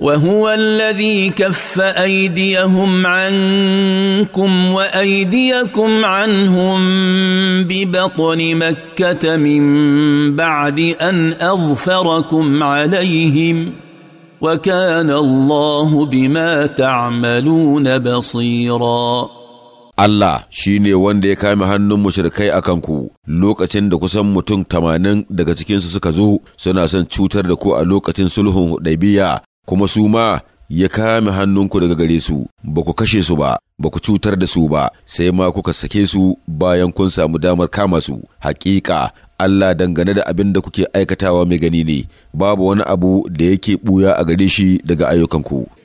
وهو الذي كف ايديهم عنكم وايديكم عنهم ببطن مكه من بعد ان اظفركم عليهم وكان الله بما تعملون بصيرا Allah shi ne wanda ya kame hannun mushrikai a kanku lokacin da kusan mutum tamanin daga cikinsu suka zo suna son cutar da ku a lokacin sulhun Hudaybiya kuma su ma ya kame hannunku daga gare su, ba ku kashe su ba, ba ku cutar da su ba, sai ma kuka sake su bayan kun samu damar kama su. haƙiƙa Allah dangane da abin da kuke aikatawa mai gani ne, babu wani abu da yake buya a gare shi daga ayyukanku.